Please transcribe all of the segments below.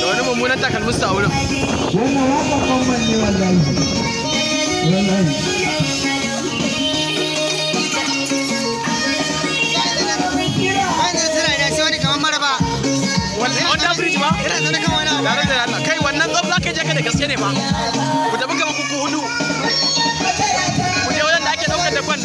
da wani mummunan takalmin sa wurin wannan wata kwamman ne wallahi wallahi kai wannan gwam za ka je ka da gaske ne ma ku tafi gaba kuku hudu ku je wajen da ake daukar da kwan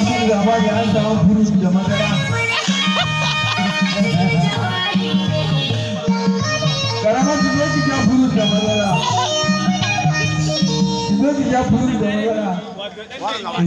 sun gaba da an samu furu da madara karamar su zai kija furu da madara su zai furu da madara